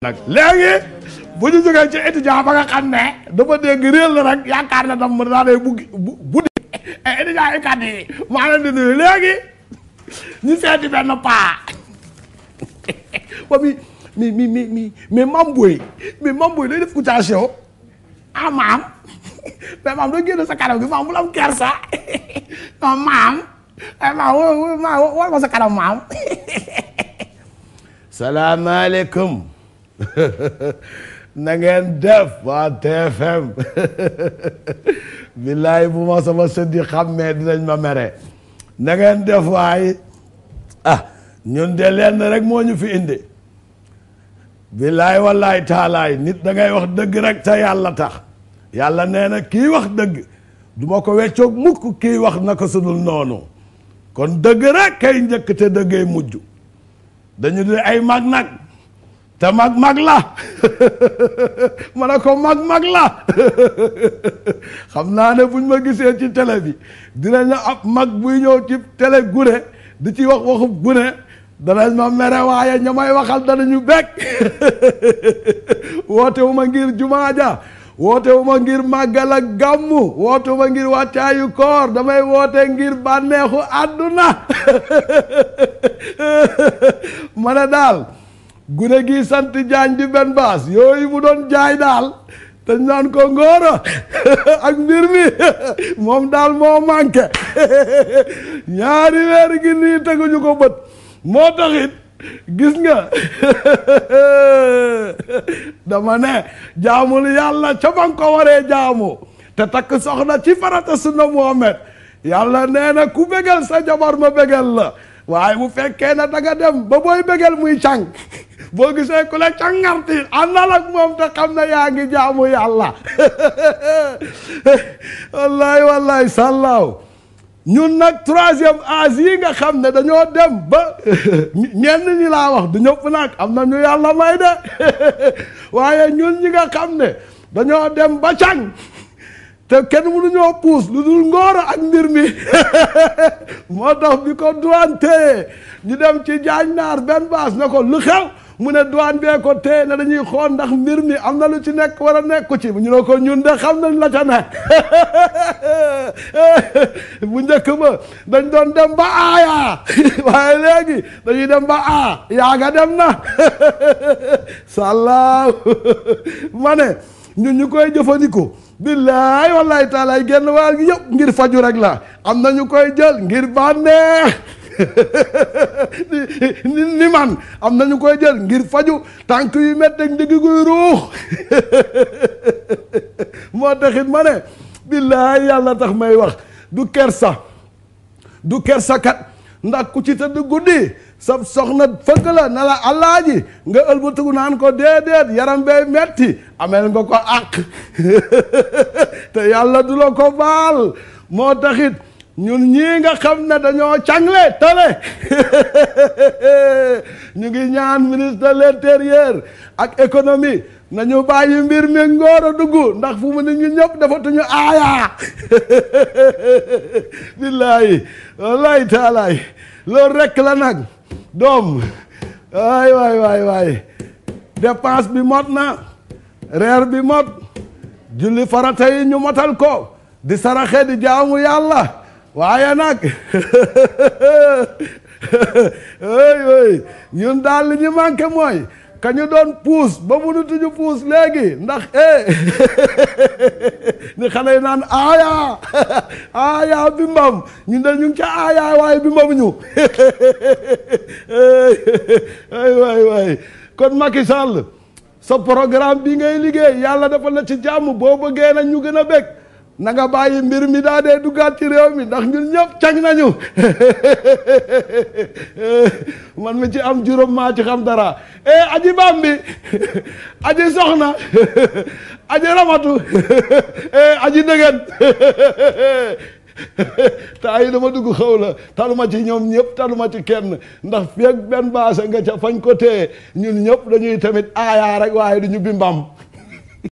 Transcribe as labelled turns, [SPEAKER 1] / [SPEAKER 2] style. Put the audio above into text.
[SPEAKER 1] nag léegi bu ñu jógee ci étudiant ba nga xam ne dafa dégg réel la rek yaakaar na tam daa day bugg bu buddi étudiant ikat yi maa leen di nuyu léegi ñu seeti benn paa ba mi mi mi mi mi mais mam boy mais mam boy day def Kouthia Show ah maam mais maam doo génn sa kanam gi maam bu la am kersa non maam ay maam woo maam woo ma sa kanam maam salaamaaleykum nangeen ngeen def waa TFM billaay bu ma sama sët xàmmee dinañ ma mere nangeen ngeen def waay ah ñun de lenn rek moo ñu fi indi billaay wallaay taalaay nit dangay wax dëgg rek te yàlla tax yàlla nee na kii wax dëgg du ma ko weccoog mukk kii wax na ko sudul noonu kon dëgg rek kay njëkk te dëggee mujj dañu di ay mag nag te mag mag la ma ne ko mag mag la xam naa ne buñ ma gisee ci télé bi dina la ab mag buy ñëw ci télé gune di ci wax waxu gune danañ ma mere waaye ña may waxal bekk woote ma ngir jumaaja wootewuma ngir màggal gàmmu woote wu ma ngir wàccaayu koor damay woote ngir bànneexu àdduna ma ne daal gune gi sant jaañ di benn baas yooyu mu doon jaay daal dañ naan ko ngóora ak mbir mi moom daal moo manqué ñaari weer gi nii teguñu ko bët moo taxit gis nga dama ne jaamul yàlla ca ma ko waree jaamu te takk soxna ci farata sunna Muhammad yàlla nee na ku bégal sa jabar ma bégal la waaye bu fekkee na da nga dem ba booy bégal muy càng boo gisee ko la ca ngarti moom te xam na yaa ngi jaamu yàlla wallaay wallaay sàllaaw ñun nag troisième âge yi nga xam ne dañoo dem ba ñenn ñi laa wax du ñëpp nag am na ñu yàlla may de waaye ñun ñi nga xam ne dañoo dem ba càng te kenn mënuñoo puus lu dul ngóor ak mbir mi moo tax bi ko duwantee ñu dem ci jaañ naar benn baas ne ko lu xew mu ne douane bee ko tee ne dañuy xool ndax mbir mi am na lu ci nekk war a nekku ci ñu ne ko ñun de xam nañu la ca ne bu njëkk ba dañ doon dem ba aayaa waaye léegi dañuy dem ba aa yaaga dem na sàllaaw ma ne ñun ñu koy jëfandikoo billaay wallaay taalaay genn waal gi yëpp ngir faju rek la am na ñu koy jël ngir bànneex ni ni man am nañu koy jël ngir faju tànk yu métti ak ndigg guy ruux moo taxit ma ne billaay yàlla tax may wax du kersa du kersakat ndax ku ci tëdd guddi sa soxna fëgg la na la alaaji nga ëlbatiku naan ko déedéet yaram bee metti ameel nga ko àq te yàlla du la ko baal moo taxit ñun ñii nga xam ne dañoo cangle tale ñu ngi ñaan ministre de l'intérieur ak économie nañu bàyyi mbir mi ngóor a dugg ndax fu mu ne ñu ñëpp dafatuñu aaya billaahi wallaahi taalaay loolu rekk la nag doom waay waay waay waay dépense bi mot na reer bi mot julli farata yi ñu motal ko di saraxe di jaamu yàlla waaye nag ooy ooy ñun daal li ñu manqué mooy ka ñu doon puus ba mënatuñu puus léegi ndax eh ni xale yi naan aaya aaya bi mbam ñu de ñu ca aaya waaye bi mbam ñu ay waay waay kon Macky Sall sa programme bi ngay liggéey yàlla dafa na ci jàmm boobu bëggee na ñu gën a bég na nga bàyyi mbir mi daa dee duggaat ci réew mi ndax ñun ñëpp cag nañu man mi ci am juróom maa ci xam dara e aji bam bi aji soxna aji ramatu e aji dëgën taa yi dama dugg xaw la taluma ci ñoom ñëpp taluma ci kenn ndax feeg benn baasa nga ca fañ ko téye ñun ñëpp dañuy tamit aayaa rek waaye du ñu bimbam